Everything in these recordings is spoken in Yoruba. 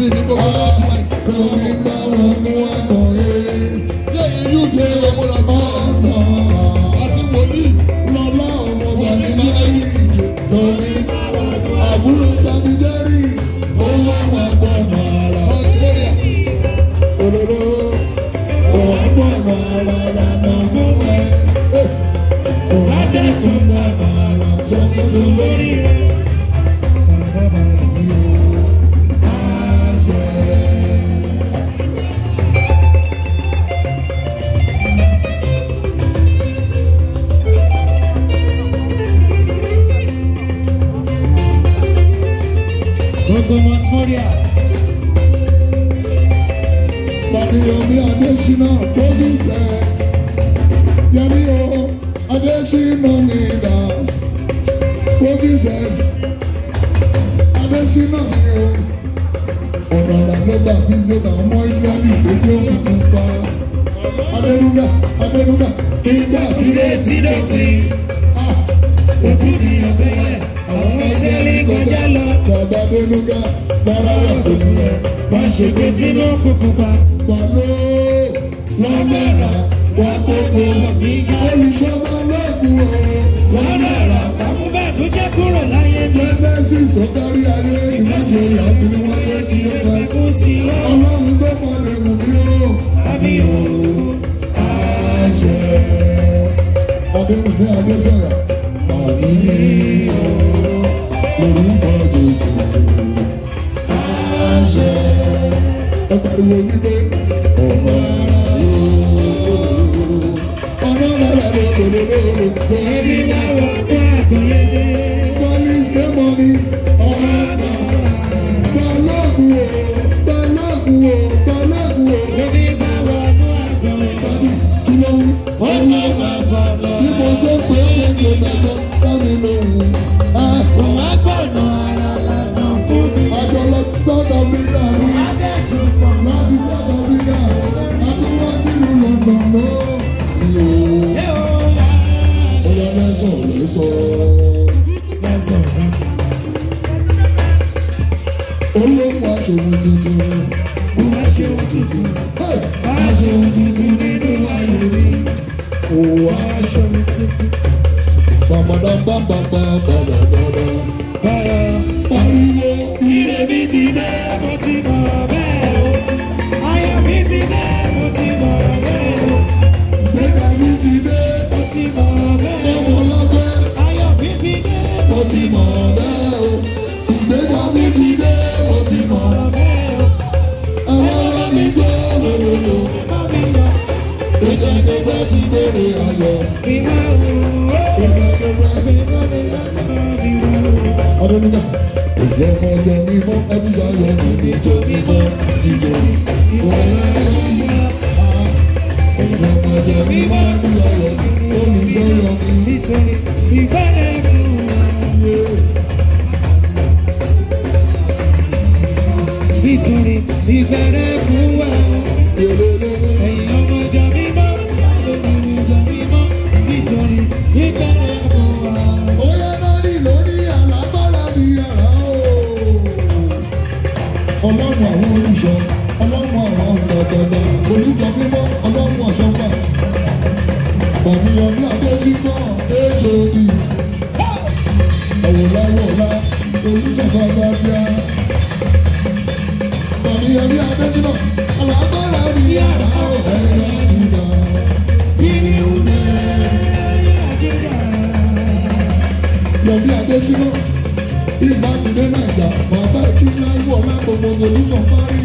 izini in asikhulumi nawo ngowa Adesina Kobise Yemi o Adesina Nida Kobise Adesina ni o Ọ̀nà ọ̀rà ló gbà fi ṣe tàwọn ọmọ Ísírẹ́lì ìgbé tí ó kù tún pa. Adénúgà Adénúgà nígbà tílé tí lópin. Òkú ni ọ̀fẹ́ yẹ àwọn ọmọ Ísírẹ́lì kọjá lọ. Bàbá Adénúgà bára wà tó mú ẹ. Má ṣe gbé sínú kúkú pa. Pàlọ́ lọ́dẹ̀rà wà gbogbo olùṣọ́gbà lẹ́kùn o àkúbẹ̀ tó jẹ́ kúrò láyé mi. lẹ́gbẹ́ sì sọ́kárí ayé ìwádìí oyè àti ní wọ́n yé kí ọlọ́run tó mọ̀ lè mú o. àbí o àṣẹ. ọdún ìgbẹ́ agbésọ̀yà. àbí o orúkọ jésù. àṣẹ. ẹ pariwo wípé ọmọ. Baby, now I'm back, We will. Adonija. Ìjọ ọmọ ọjọ́ mímọ́ Adisa yọ níbi tó mímọ́ ìjọ ìwọ lẹ́yìn ìjọ ọmọ ọjọ́ mímọ́ Adisa yọ omi ìjọ yọ ní. Ìgbàlẹ̀ fún wa. Nítorí ìfẹ́rẹ́ fún wa. lọ́bí tí bá ti dé nàìjà bàbá ìkíńlá wọ̀ lápò mọ́sọ̀lú kan parí.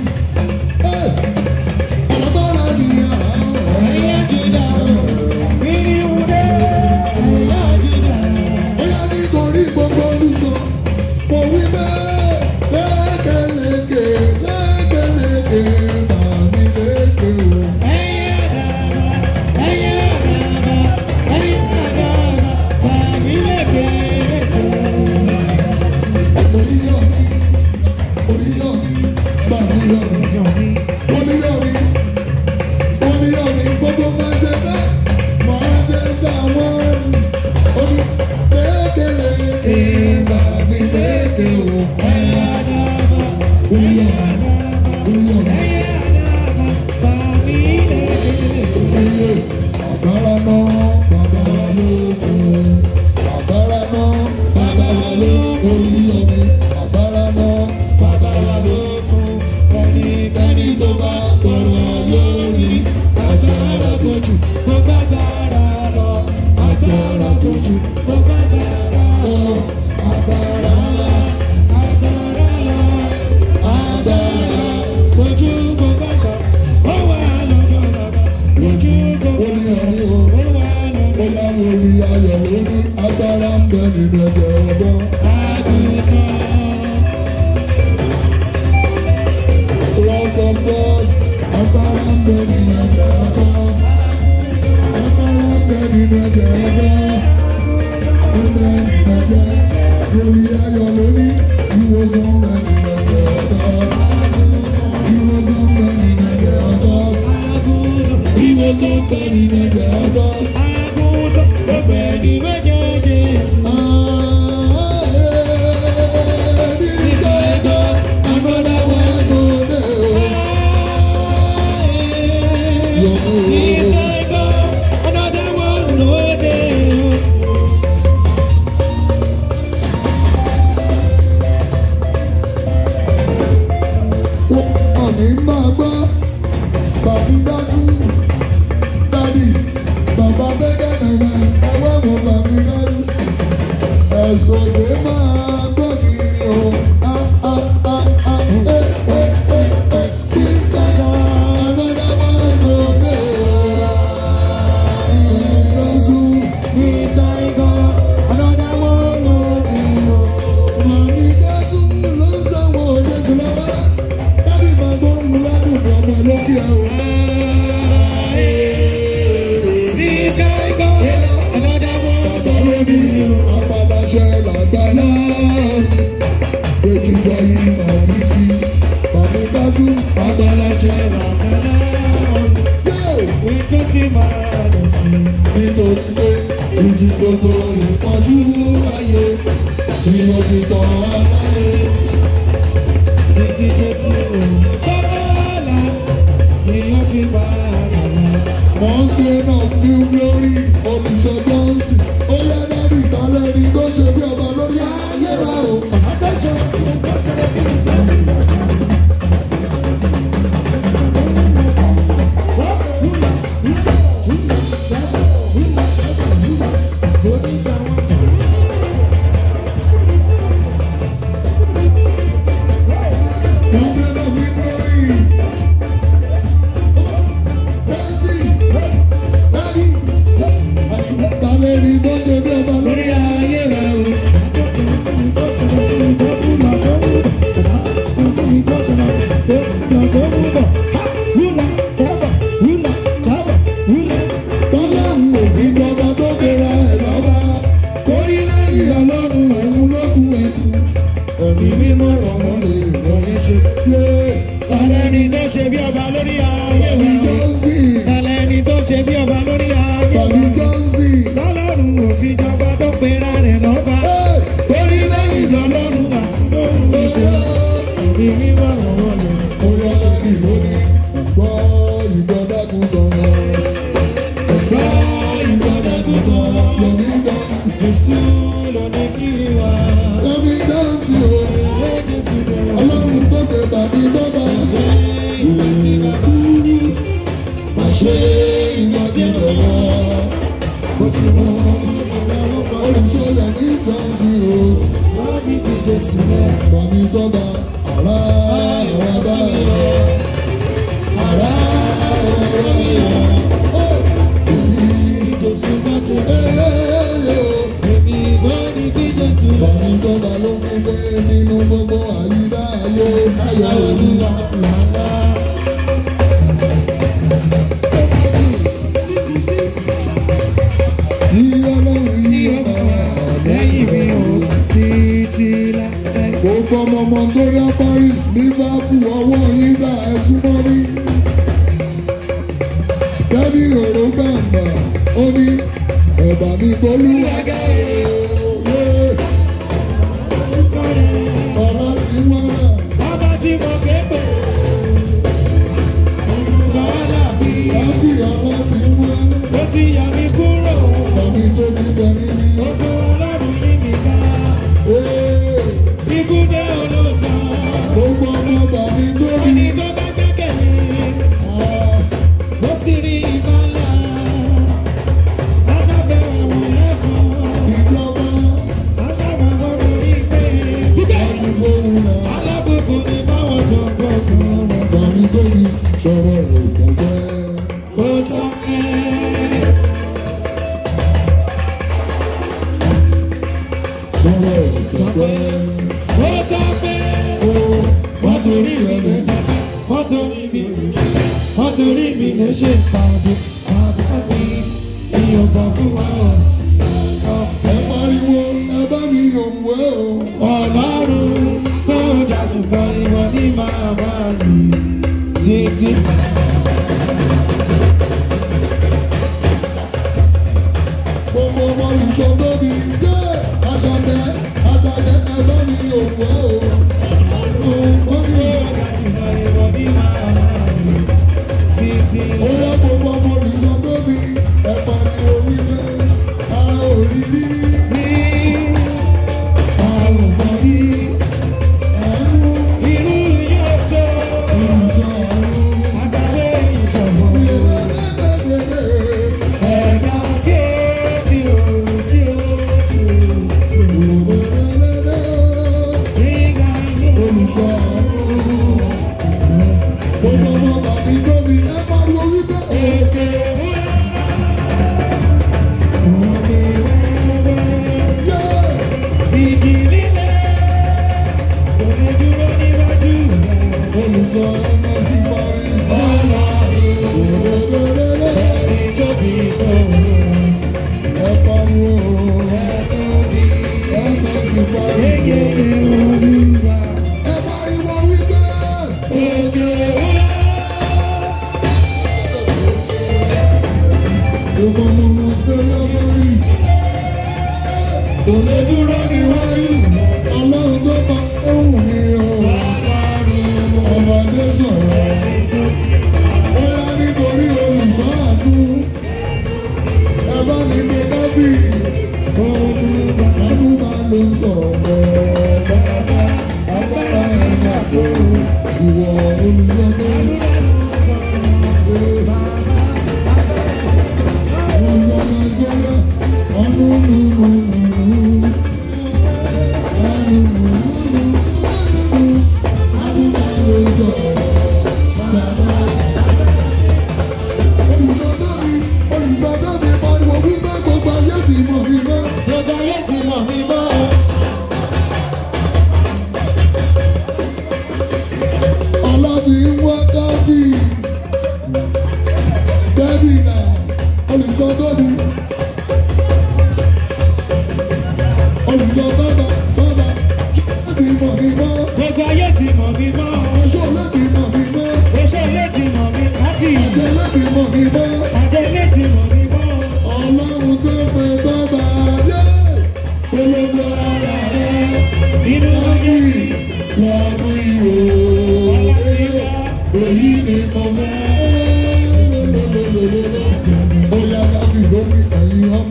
gbogbo ọmọ Montreal Paris Liverpool ọwọ́ yín gbà ẹ súnmọ́ ní. Dẹ́bí òró gbàǹgbà ó ní ẹ̀bà mi bolúwàgà ooo. Bàbá ti mọ̀ náà. Bàbá ti mọ̀ képe. Olùkọ́ wà Bàbá ti mọ̀. Ó ti yàrá. ló ṣe pàdé bàbá mi èèyàn gbà fún wa o. ẹ pariwo ẹ bá mi yọ̀ wẹ́ o. ọlọ́run tó dà ṣùgbọ́n ìwọ ni màá máa yìí títí. gbogbo ọmọ olùsọ tóbi dé àṣàtẹ àṣàtẹ ẹ bá mi yọ̀ wẹ́.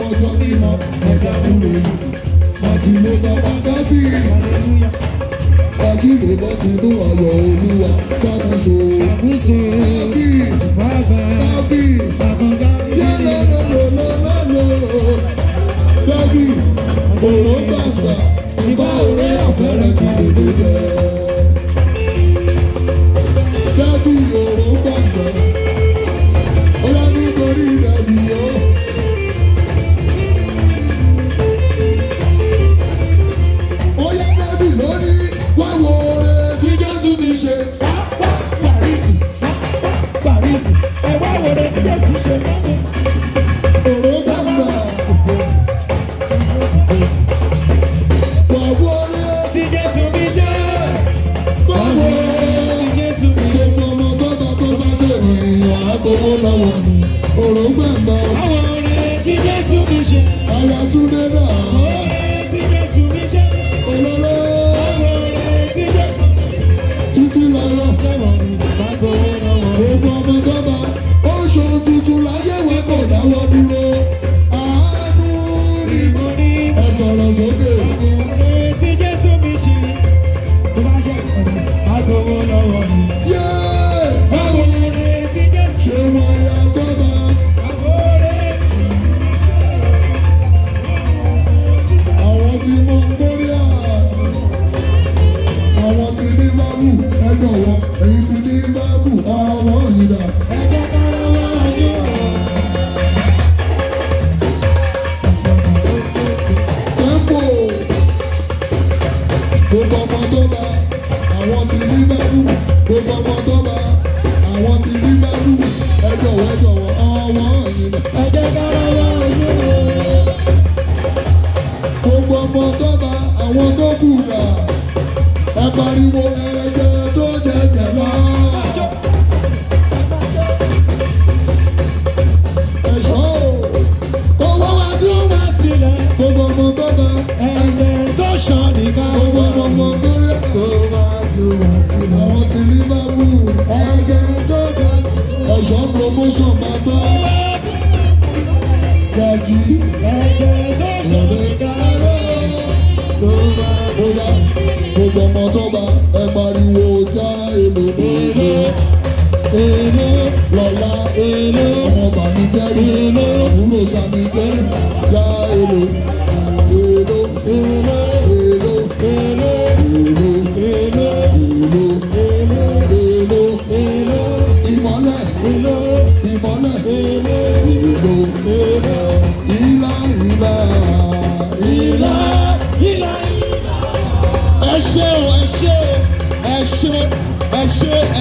ọ̀rọ̀ tó mímọ́ ẹ̀dá múre. Màṣìlè bàbá dábì. Màṣìlè bọ́ sínú ọ̀rọ̀ olúwa kábùsọ. Kábùsọ. Dábì. Bàbá. Dábì. Bàbá dábì. Yẹ́lẹ́ lọ́lọ́ lọ́lọ́. Dábì. Òró bàbà. Ìbá òré àpẹẹrẹ kìlódé jẹ. lọ́wọ́ ni òrò gbẹ̀mbẹ́. àwọn orin ti Jésù mi ṣe. aya Túndé náà. orin ti Jésù mi ṣe. olólò. àwọn orin ti Jésù mi ṣe. títí lọ́rọ̀. jẹ́wọ̀n ni bàbá gbowó lọ́wọ́. gbogbo ọmọ jọba ó ṣohun tuntun láyé wa kò dáwọ́ dúró. àánú rí mọ́ ní. ẹ sọ̀rọ̀ sókè. àánú rí.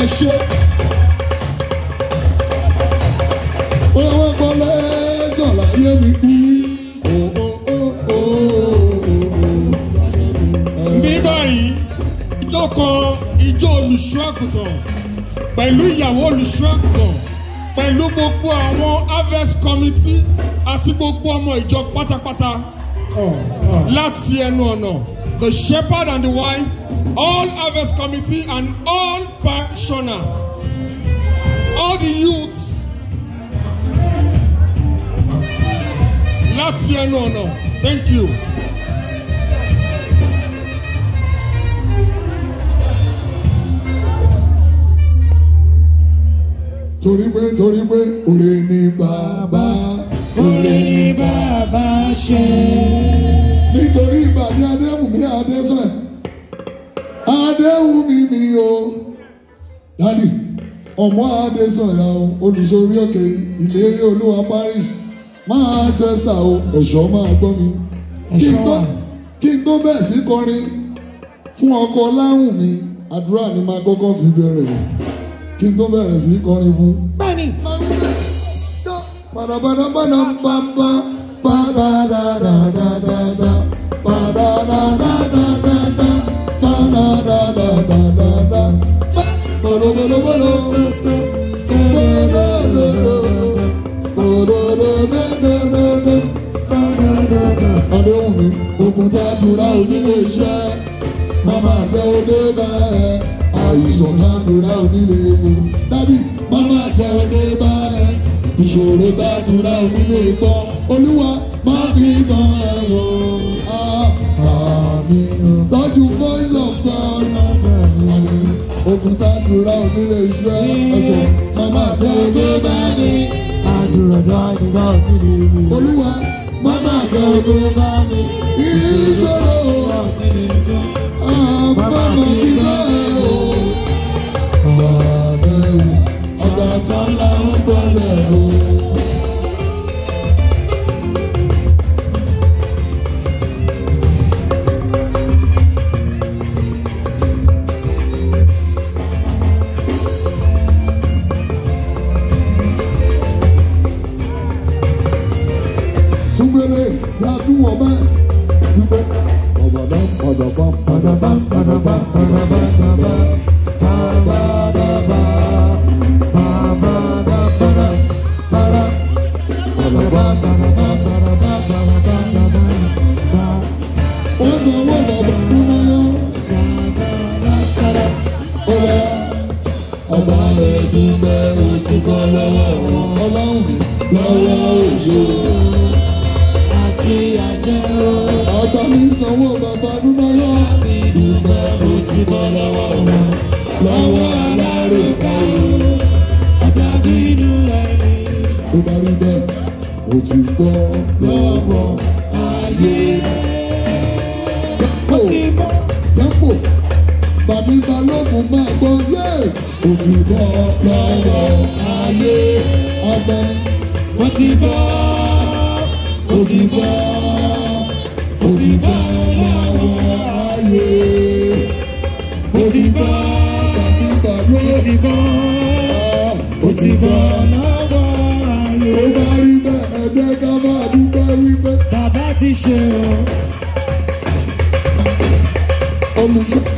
ẹ ṣe. Wọ́n gbọ́ pẹ̀lú ìyàwó olùṣọ́ pẹ̀lú gbogbo àwọn harvest committee àti gbogbo ọmọ ìjọ pátápátá láti ẹnu ọ̀nà the shepherd and the wife all harvest committee and all. Papa Shona, all the youth láti no no. thank you. torí pé torí pé òrè ni bàbá. ọmọ adésànyà o olùsorí òkè ìlérí olúwa parish máa ṣẹ́sítà o ẹ̀ṣọ́ máa gbọ́ mi. kí n tó bẹ̀ sí kọrin fún ọkọ láhùn mi àdúrà ni máa kọ́kọ́ fi bẹ̀rẹ̀ kí n tó bẹ̀rẹ̀ sí kọrin fún. bẹ́ẹ̀ni. padàbàdà padà ń bá ń onílé iṣẹ́ màmá àjẹ òde bá ẹ àìsàn tábùrà onílé ewu dábì màmá àjẹ òde bá ẹ ìṣòro tábùrà onílé ìfọ́ olúwa má fi mọ ẹ̀wọ̀n àmì tọ́jú voice of God ogun tábùrà onílé iṣẹ́ ẹ̀sọ̀ màmá àjẹ òde bá ẹ àdúrà tábùrà onílé ewu olúwa tó bá mi. Ìṣòro àbámọ̀ kíkọ́ o. Ọ̀rọ̀ àbẹ̀wò ọ̀gá tó ń la ń bọ̀lẹ̀ o. ṣe o. Olùṣọ́.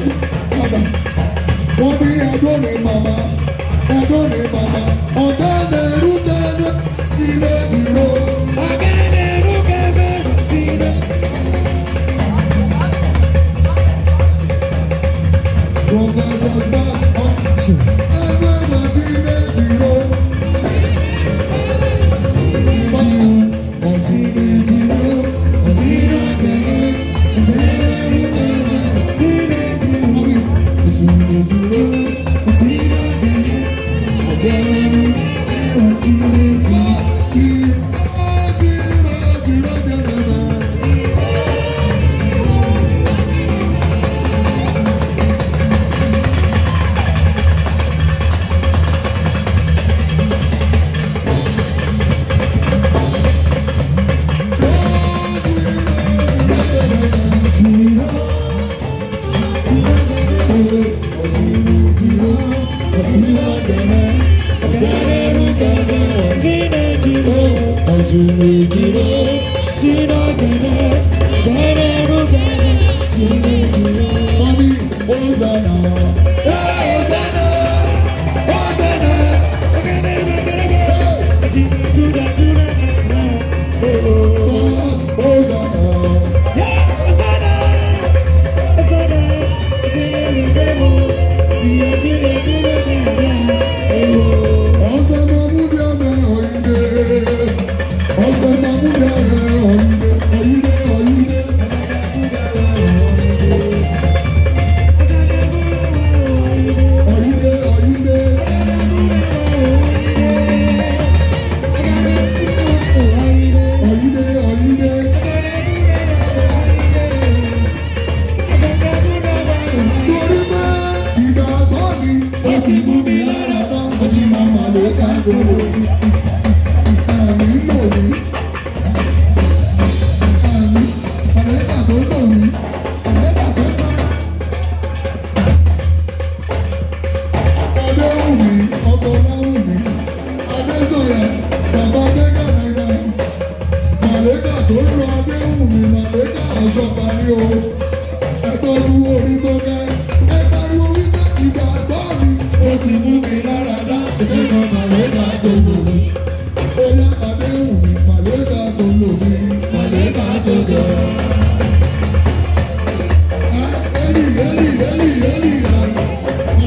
Mama, mama, mama. Oda, padà wọ́n bí ẹdún ní màmá ẹdún ní màmá ọ̀tá lẹ́rú tẹ́lẹ̀ sílẹ̀ ìró. Thank you.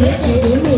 Thank you.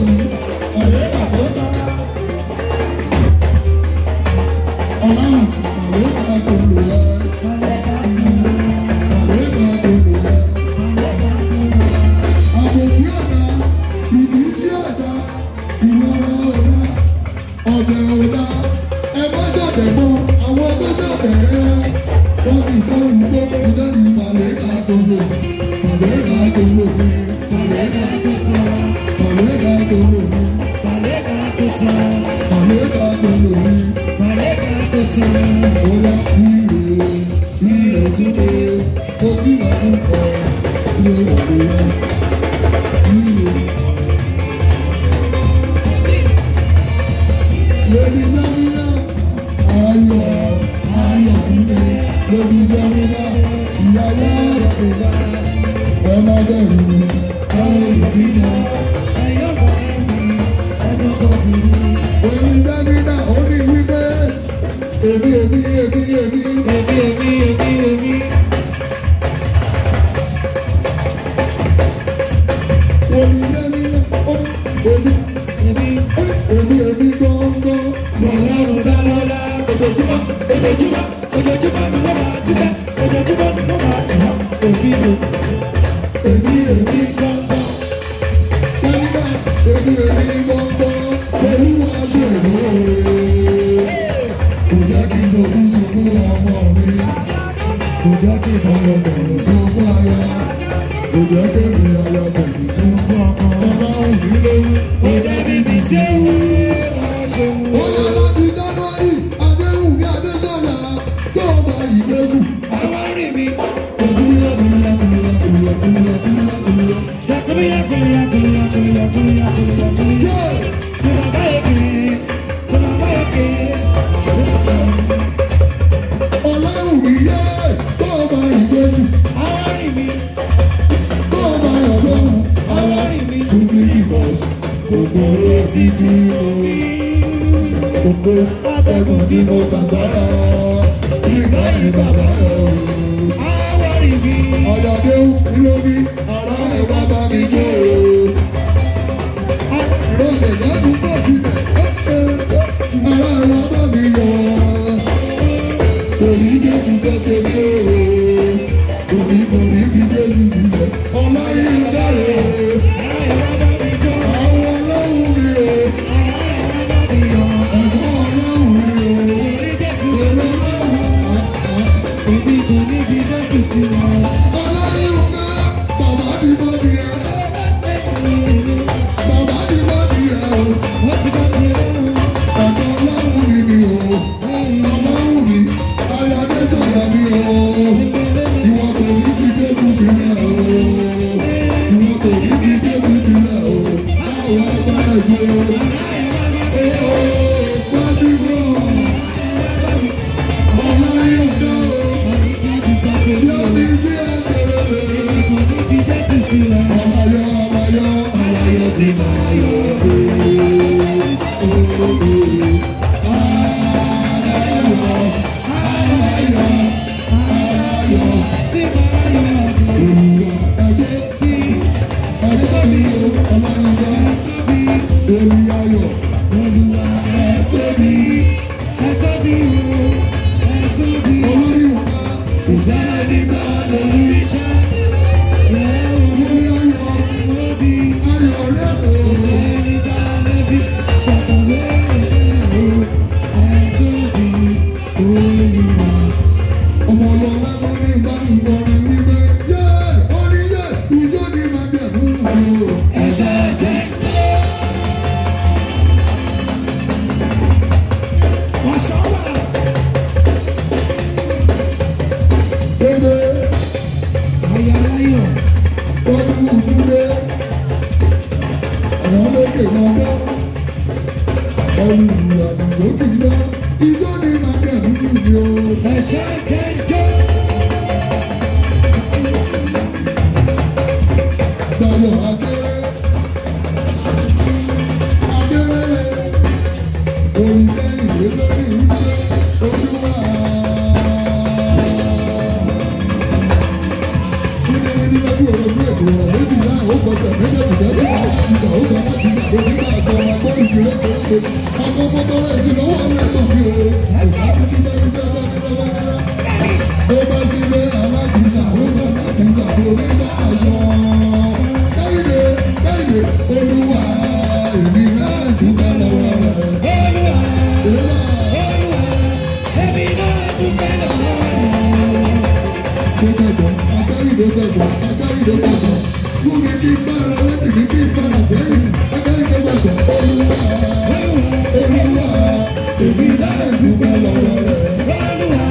èmi náà dúpẹ́ lọ́wọ́ rẹ̀ Olúwa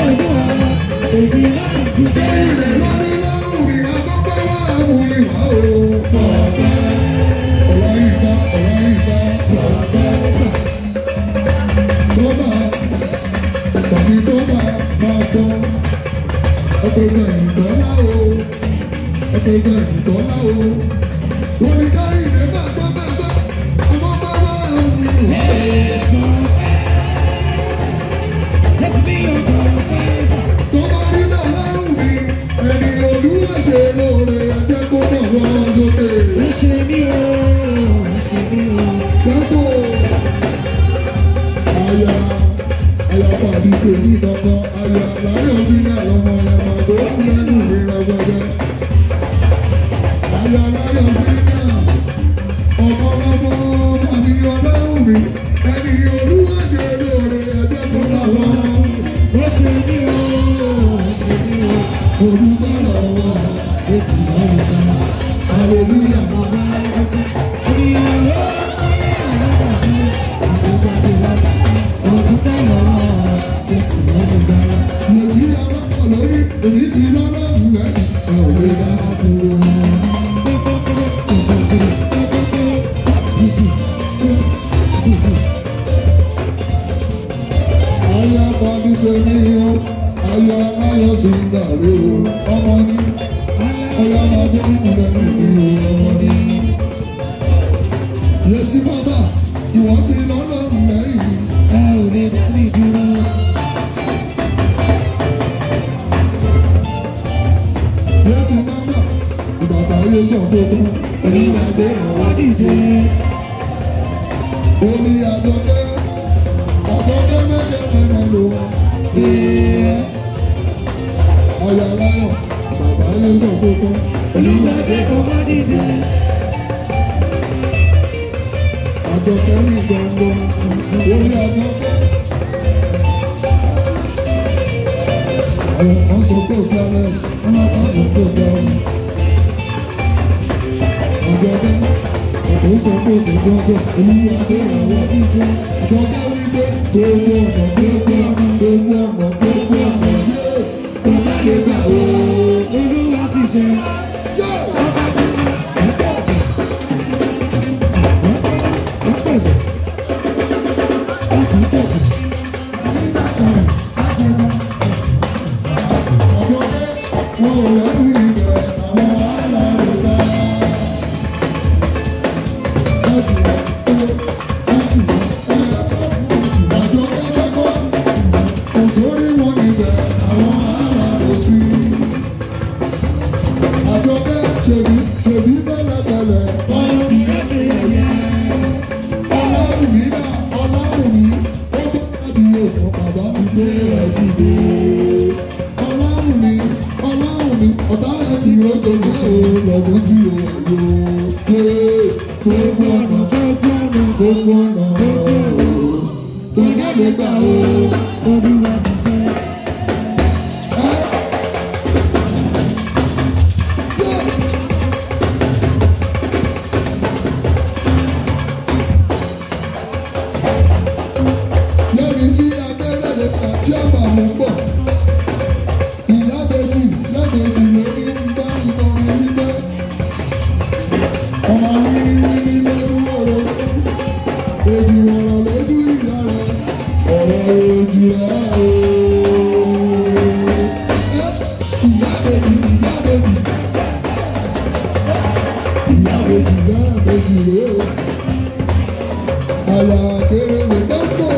Olúwa èmi náà dúpẹ́ rẹ̀ lórí lóhùn ìwà gbọ́gbọ́ wà mú ìwà òòfò ọ̀gá ọ̀rọ̀ ìgbà ọ̀rọ̀ ìgbà ọ̀gá tó bá tàbí tó bá máa gbọ́ ọ̀pẹ̀lẹ̀ ìtọ́lá o ọ̀pẹ̀lẹ̀ ìtọ́lá. ìyàwó jìgbà méjì rèé o àyà kéré lè dánpọ̀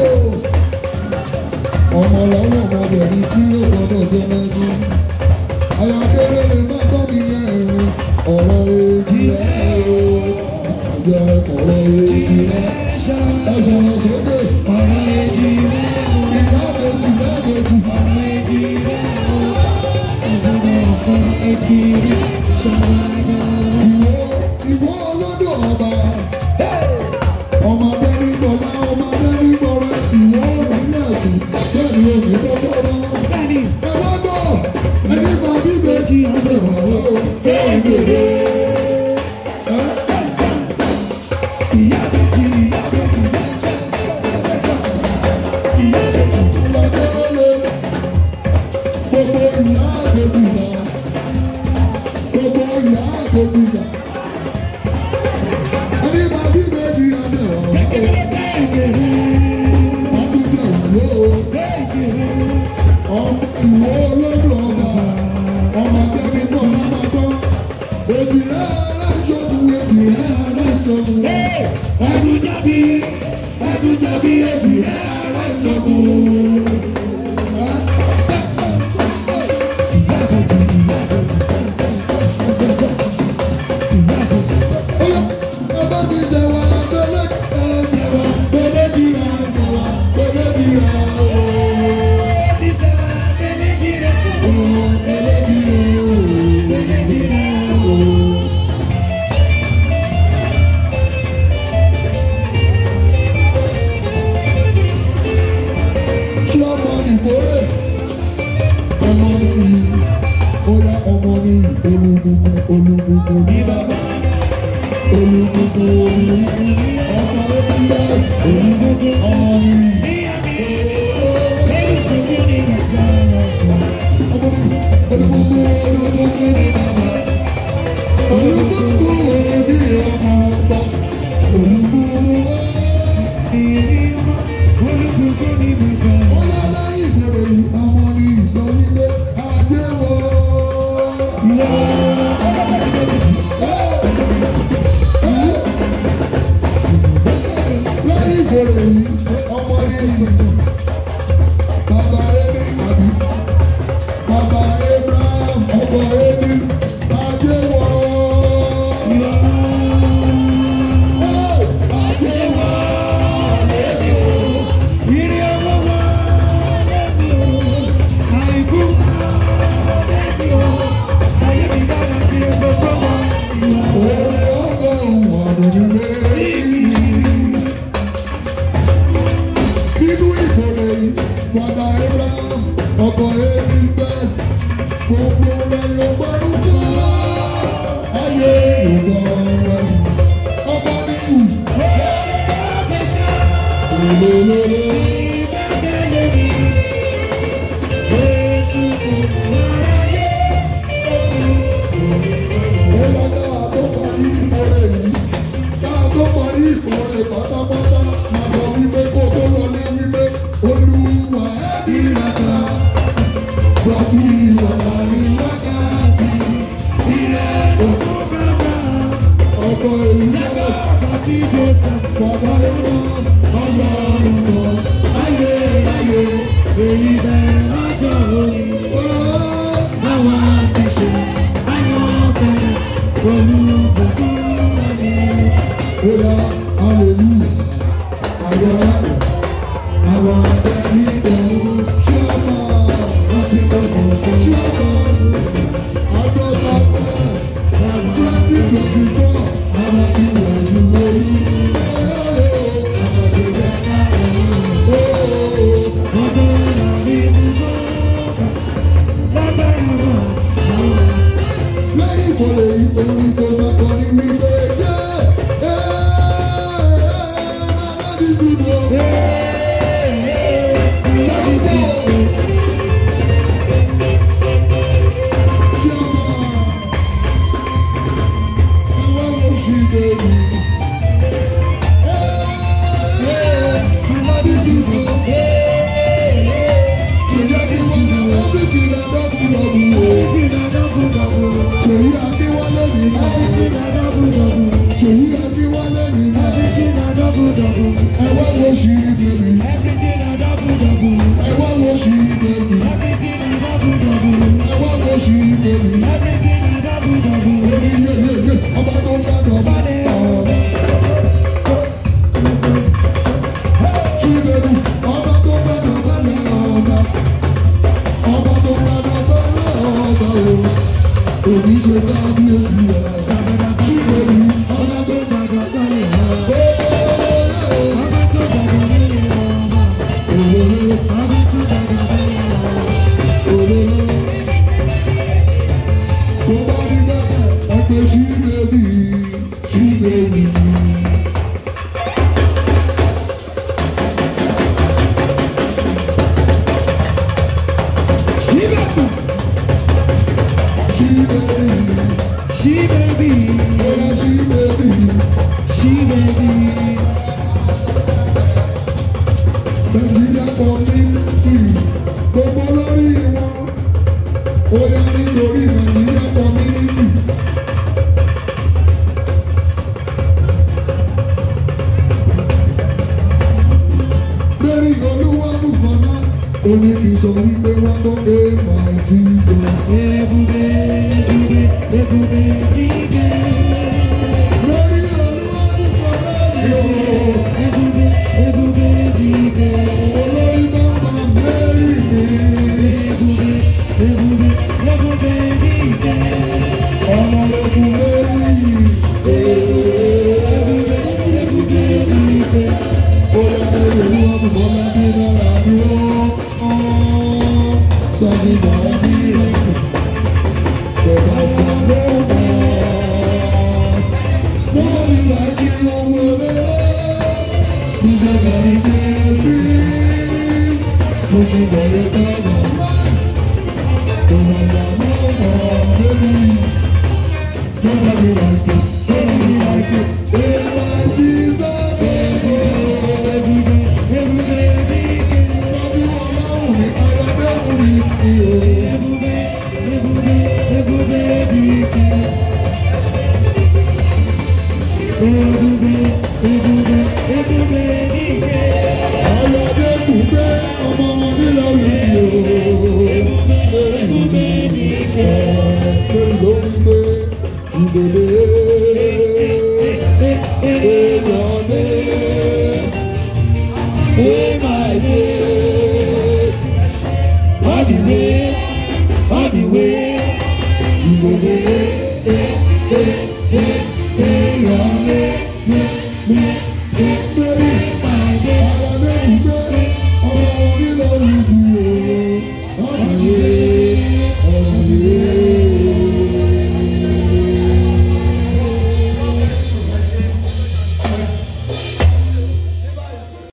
ọmọ làwọn ọmọbìnrin tí ó gbọdọ̀ jẹ mẹ́gun àyà kéré lè má bọ́ mi yẹn ọ̀rọ̀ èjì rẹ̀ o jẹ́ ọ̀rọ̀ èjì rẹ̀ ẹ sọ̀rọ̀ sókè ọ̀rọ̀ èjì rẹ̀ ìyá méjì ìyá méjì ọ̀rọ̀ èjì rẹ̀ o ọ̀rọ̀ èjì rẹ̀ sọ̀rọ̀.